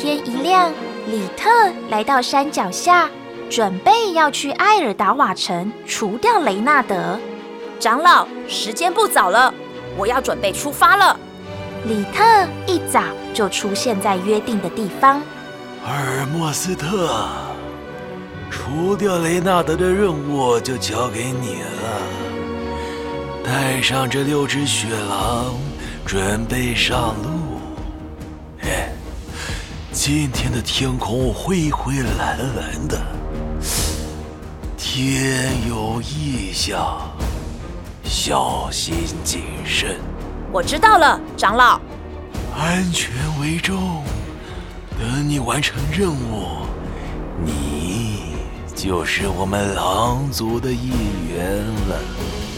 天一亮，里特來到山腳下，準備要去埃爾達瓦城除掉雷納德。長老，時間不早了，我要準備出發了。里特一早就出現在約定的地方。赫爾墨斯特，除掉雷納德的任務就交給你了，帶上這六隻雪狼，準備上路。今天的天空灰灰藍藍的，天有異象，小心謹慎。我知道了，長老。安全為重，等你完成任務，你就是我們狼族的一員了。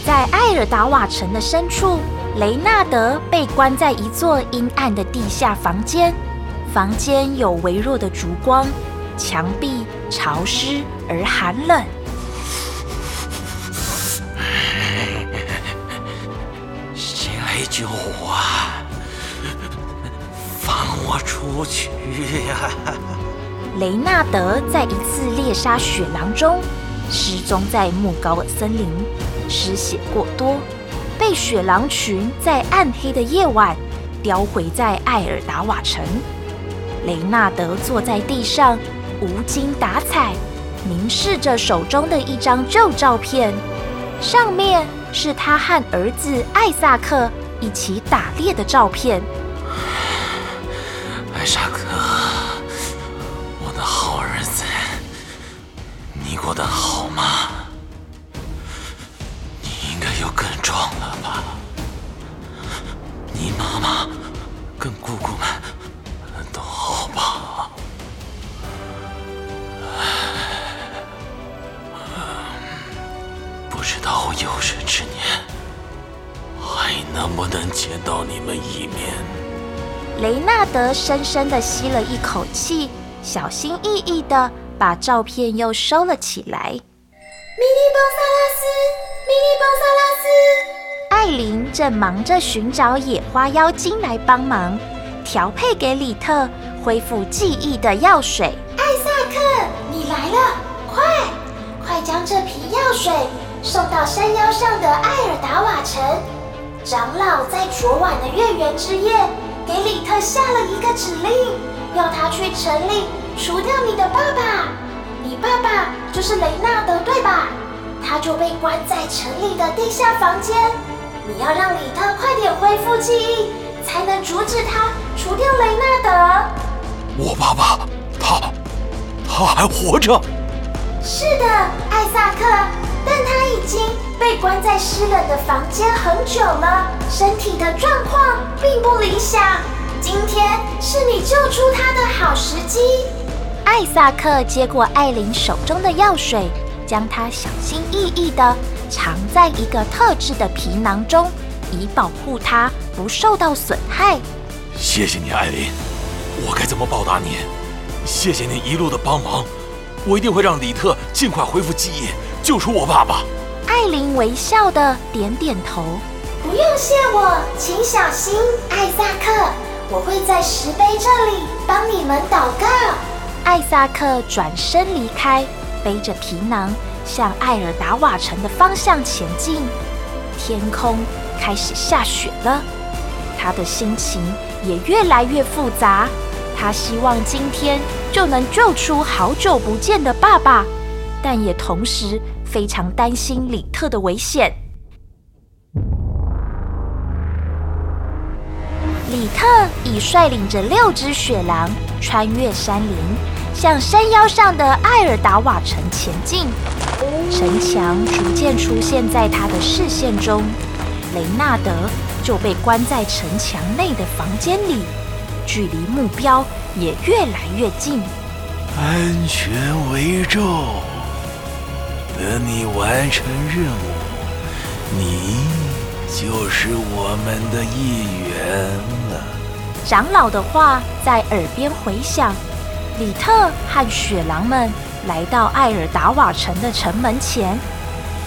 在埃爾達瓦城的深處，雷納德被關在一座陰暗的地下房間。房間有微弱的燭光，牆壁潮濕而寒冷。誰來救我？放我出去呀，啊！雷納德在一次獵殺雪狼中失蹤在莫高森林，失血過多，被雪狼群在暗黑的夜晚叼回在埃爾達瓦城。雷納德坐在地上，無精打采，凝視着手中的一張舊照片，上面是他和兒子艾薩克一起打獵的照片。艾薩克，我的好兒子，你過得好。能不能見到你們一面？雷納德深深地吸了一口氣，小心翼翼地把照片又收了起來。迷你暴薩拉斯，迷你暴薩拉斯。艾琳正忙着尋找野花妖精來幫忙調配給里特恢復記憶的藥水。艾薩克，你來了，快快將這瓶藥水送到山腰上的埃爾達瓦城。長老在昨晚的月圓之夜給李特下了一個指令，要他去城裡除掉你的爸爸。你爸爸就是雷納德，對吧？他就被關在城裡的地下房間。你要讓李特快點恢復記憶，才能阻止他除掉雷納德。我爸爸，他，他還活着。是的，艾薩克，但他已經。被關在濕冷的房間很久了，身體的狀況並不理想。今天是你救出他的好時機。艾薩克接過艾琳手中的藥水，將它小心翼翼的藏在一個特製的皮囊中，以保護它不受到損害。謝謝你，艾琳，我該怎麼報答你？謝謝你一路的幫忙，我一定會讓里特盡快恢復記憶，救出我爸爸。艾琳微笑的點點頭，不用謝我，請小心，艾薩克，我會在石碑這裡幫你們禱告。艾薩克轉身離開，背着皮囊向埃爾達瓦城的方向前進。天空開始下雪了，他的心情也越來越複雜。他希望今天就能救出好久不見的爸爸。但也同時非常擔心里特的危險。里特已率領着六隻雪狼穿越山林，向山腰上的埃爾達瓦城前進。城牆逐漸出現在他的視線中，雷納德就被關在城牆內的房間裡，距離目標也越來越近。安全為重，等你完成任務，你就是我們的一員了。長老的話在耳邊回響。里特和雪狼們來到埃爾達瓦城的城門前。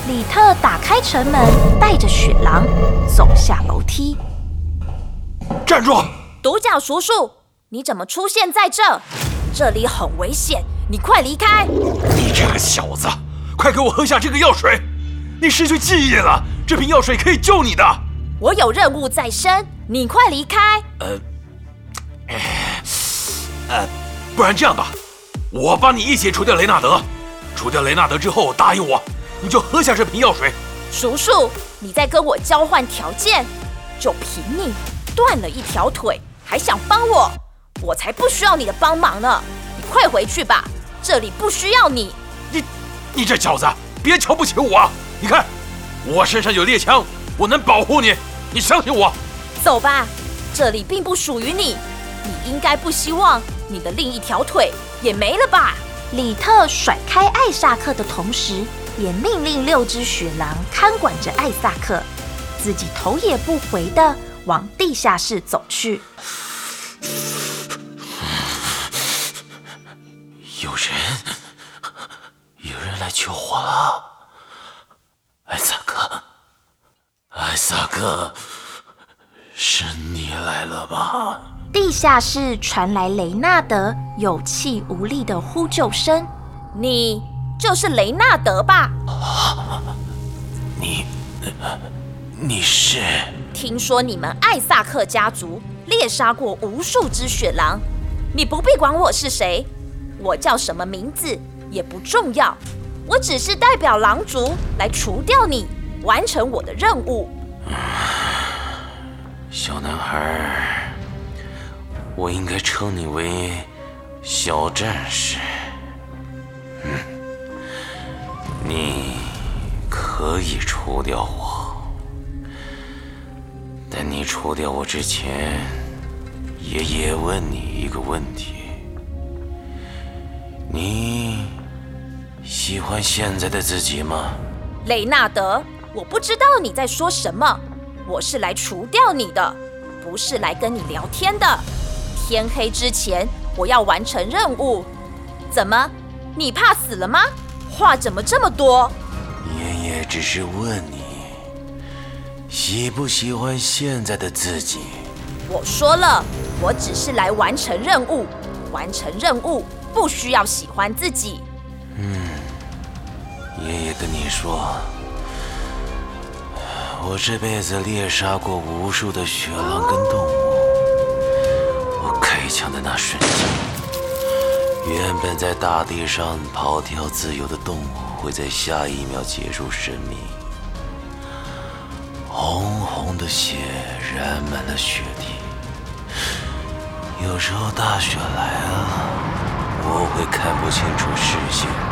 里特打開城門，帶着雪狼走下樓梯。站住！獨角叔叔，你怎麼出現在這？這裡很危險，你快離開！你這個小子！快給我喝下這個藥水，你失去記憶了，這瓶藥水可以救你的。我有任務在身，你快離開。呃，哎，呃，不然這樣吧，我幫你一起除掉雷納德。除掉雷納德之後，答應我，你就喝下這瓶藥水。叔叔，你在跟我交換條件？就憑你斷了一條腿，還想幫我？我才不需要你的幫忙呢！你快回去吧，這裡不需要你。你這小子，別瞧不起我！你看，我身上有獵槍，我能保護你。你相信我。走吧，這裡並不屬於你。你應該不希望你的另一條腿也沒了吧？里特甩開艾薩克的同時，也命令六隻雪狼看管着艾薩克，自己頭也不回的往地下室走去。有人。來救火了。艾薩克，艾薩克，是你來了吧？地下室傳來雷納德有氣無力的呼救聲。你就是雷納德吧？你，你是？聽說你們艾薩克家族獵殺過無數隻雪狼，你不必管我是誰，我叫什麼名字也不重要。我只是代表狼族來除掉你，完成我的任務。小男孩，我應該稱你為小戰士。嗯，你可以除掉我，但你除掉我之前，爺爺問你一個問題。你。喜歡現在的自己嗎？雷納德，我不知道你在說什麼。我是來除掉你的，不是來跟你聊天的。天黑之前我要完成任務。怎麼？你怕死了嗎？話怎麼這麼多？爺爺只是問你喜不喜歡現在的自己。我說了，我只是來完成任務。完成任務不需要喜歡自己。嗯。爺爺跟你說，我這輩子獵殺過無數的雪狼跟動物。我開槍的那瞬間，原本在大地上跑跳自由的動物，會在下一秒結束生命。紅紅的血染滿了雪地。有時候大雪來了，我會看不清楚視線。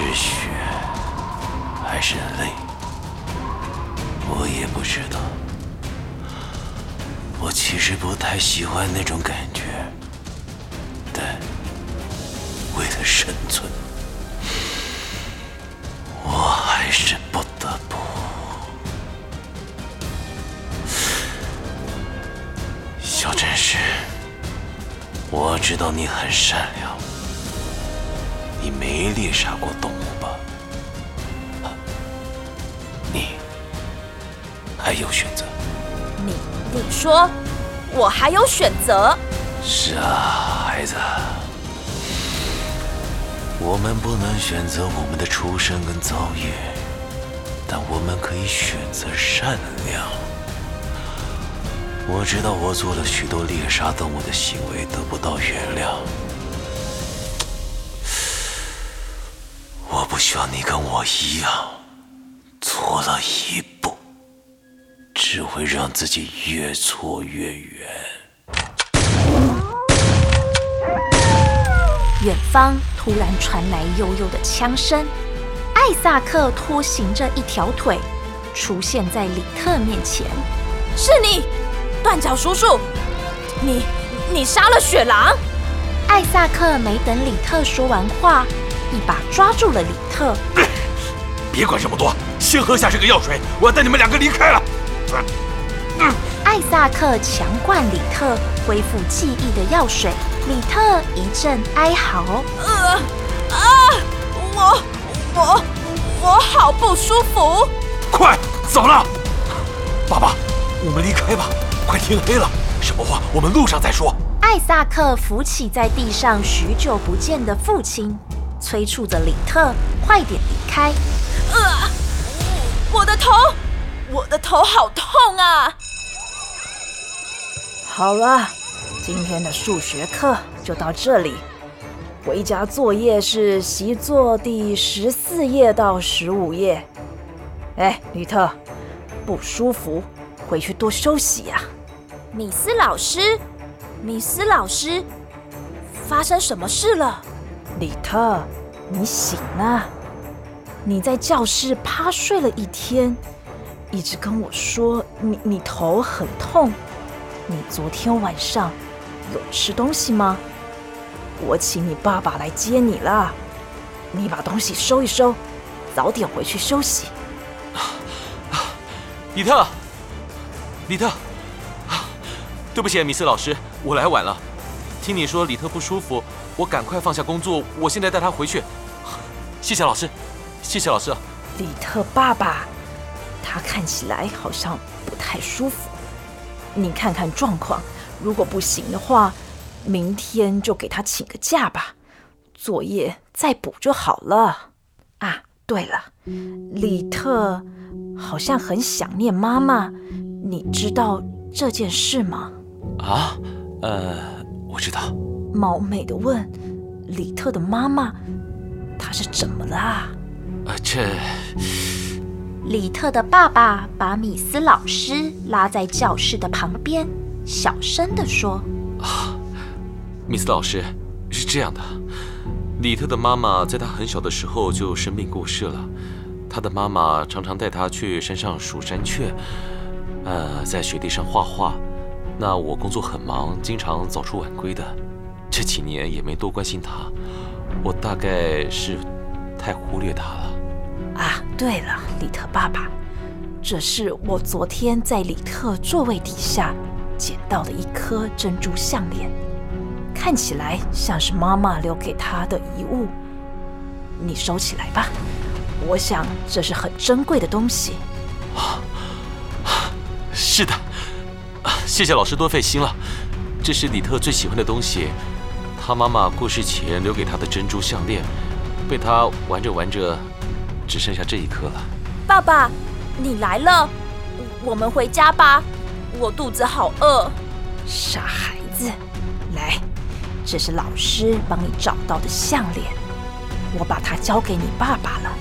是血還是淚，我也不知道。我其實不太喜歡那種感覺，但為了生存，我還是不得不。小戰士，我知道你很善良。你沒獵殺過動物吧？你還有選擇？你你說我還有選擇？是啊，孩子，我們不能選擇我們的出身跟遭遇，但我們可以選擇善良。我知道我做了許多獵殺動物的行為，得不到原諒。只要你跟我一樣，錯了一步，只會讓自己越錯越遠。遠方突然傳來悠悠的槍聲，艾薩克拖行着一條腿，出現在裡特面前。是你，斷腳叔叔？你，你殺了雪狼？艾薩克沒等裡特說完話。一把抓住了里特，別管這麼多，先喝下這個藥水，我要帶你們兩個離開了。嗯，艾薩克強灌里特恢復記憶的藥水，里特一陣哀嚎，啊、呃呃！我我我好不舒服，快走了，爸爸，我們離開吧，快天黑了，什麼話我們路上再說。艾薩克扶起在地上許久不見的父親。催促着里特快點離開。呃，我的頭，我的頭好痛啊！好了，今天的數學課就到這裡。回家作業是習作第十四頁到十五頁。哎，里特，不舒服，回去多休息呀啊。米斯老師，米斯老師，發生什麼事了？里特，你醒了啊？你在教室趴睡了一天，一直跟我說你你頭很痛。你昨天晚上有吃東西嗎？我請你爸爸來接你了。你把東西收一收，早點回去休息。里特，里特，對不起，米斯老師，我來晚了。聽你說里特不舒服。我趕快放下工作，我現在帶他回去。謝謝老師，謝謝老師。里特爸爸，他看起來好像不太舒服，你看看狀況。如果不行的話，明天就給他請個假吧，作業再補就好了。啊，對了，里特好像很想念媽媽，你知道這件事嗎？啊，呃，我知道。冒昧地問，里特的媽媽，她是怎麼啦？啊，這……里特的爸爸把米斯老師拉在教室的旁邊，小聲地說：“啊，米斯老師，是這樣的，里特的媽媽在他很小的時候就生病過世了。他的媽媽常常帶他去山上數山雀，呃，在雪地上畫畫。那我工作很忙，經常早出晚歸的。”這幾年也沒多關心他，我大概是太忽略他了。啊，對了，里特爸爸，這是我昨天在里特座位底下撿到的一顆珍珠項鏈，看起來像是媽媽留給他的遺物，你收起來吧。我想這是很珍貴的東西。啊，是的，啊，謝謝老師多費心了。這是里特最喜歡的東西。他媽媽過世前留給他的珍珠項鏈，被他玩着玩着，只剩下這一顆了。爸爸，你來了，我們回家吧，我肚子好餓。傻孩子，來，這是老師幫你找到的項鏈，我把它交給你爸爸了，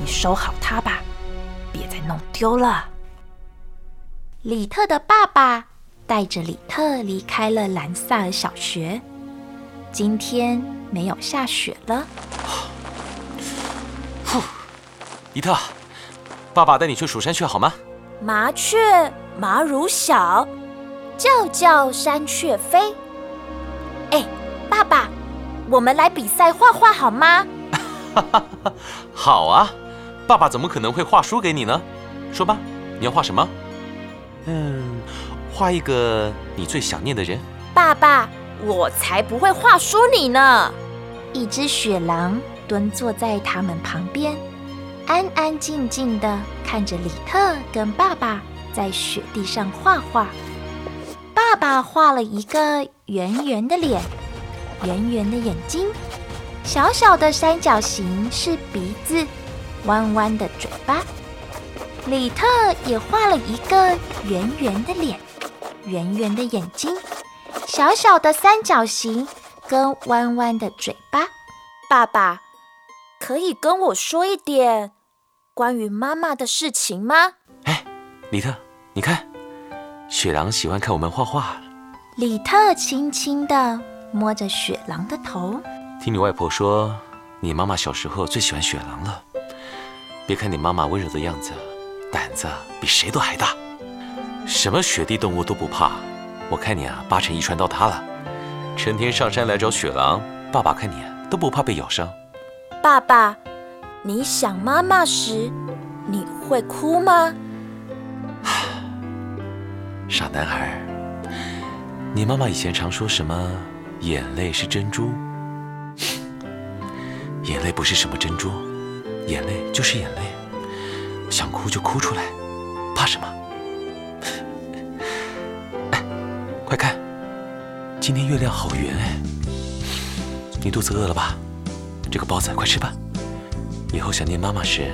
你收好它吧，別再弄丟了。里特的爸爸帶着里特離開了蘭薩爾小學。今天沒有下雪了。哼，里特，爸爸帶你去蜀山去好嗎？麻雀麻如小，叫叫山雀飛。哎，爸爸，我們來比賽畫畫好嗎？哈哈，好啊，爸爸怎麼可能會畫輸給你呢？說吧，你要畫什麼？嗯，畫一個你最想念的人，爸爸。我才不會畫輸你呢！一隻雪狼蹲坐在他們旁邊，安安靜靜地看着里特跟爸爸在雪地上畫畫。爸爸畫了一個圓圓的臉，圓圓的眼睛，小小的三角形是鼻子，彎彎的嘴巴。里特也畫了一個圓圓的臉，圓圓的眼睛，小小的三角形跟彎彎的嘴巴。爸爸可以跟我說一點關於媽媽的事情嗎？哎，里特，你看，雪狼喜歡看我們畫畫。里特輕輕的摸着雪狼的頭。聽你外婆說，你媽媽小時候最喜歡雪狼了。別看你媽媽溫柔的樣子，膽子比誰都還大，什麼雪地動物都不怕。我看你啊，八成遺傳到他了，成天上山來找雪狼。爸爸看你啊，都不怕被咬傷。爸爸，你想媽媽時，你會哭嗎？傻男孩，你媽媽以前常說什麼？眼淚是珍珠，眼淚不是什麼珍珠，眼淚就是眼淚，想哭就哭出來，怕什麼？你看，今天月亮好圓哎！你肚子餓了吧？這個包子快吃吧。以後想念媽媽時，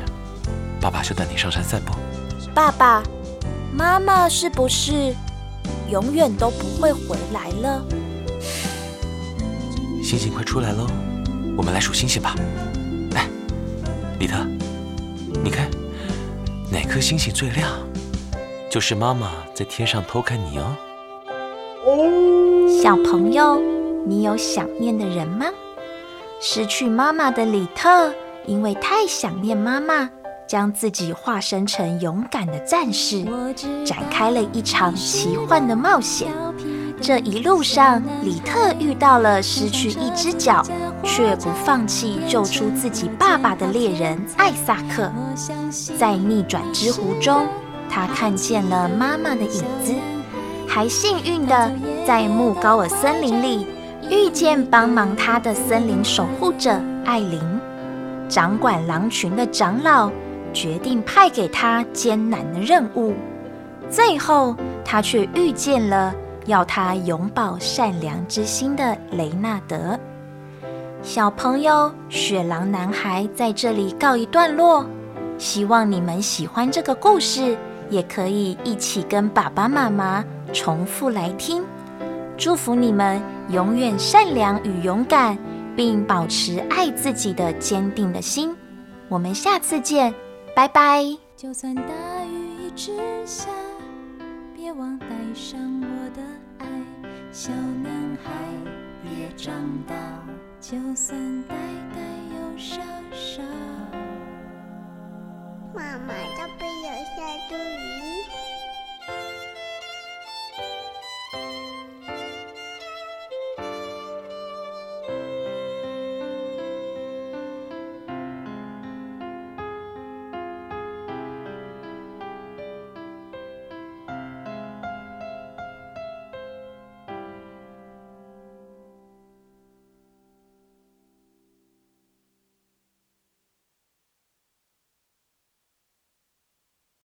爸爸就帶你上山散步。爸爸媽媽是不是永遠都不會回來了？星星快出來嘍！我們來數星星吧。來，里特，你看哪顆星星最亮？就是媽媽在天上偷看你哦。小朋友，你有想念的人嗎？失去媽媽的里特，因為太想念媽媽，將自己化身成勇敢的戰士，展開了一場奇幻的冒險。這一路上，里特遇到了失去一隻腳卻不放棄救出自己爸爸的獵人艾薩克。在逆轉之湖中，他看見了媽媽的影子。還幸運地在木高爾森林裡遇見幫忙他的森林守護者艾琳。掌管狼群的長老決定派給他艱難的任務。最後，他卻遇見了要他永葆善良之心的雷納德。小朋友，雪狼男孩在這裡告一段落。希望你們喜歡這個故事，也可以一起跟爸爸媽媽。重複來聽，祝福你們永遠善良與勇敢，並保持愛自己的堅定的心。我們下次見，拜拜。就算大雨一直下，別忘帶上我的愛，小男孩別長大，就算呆呆又傻傻，媽媽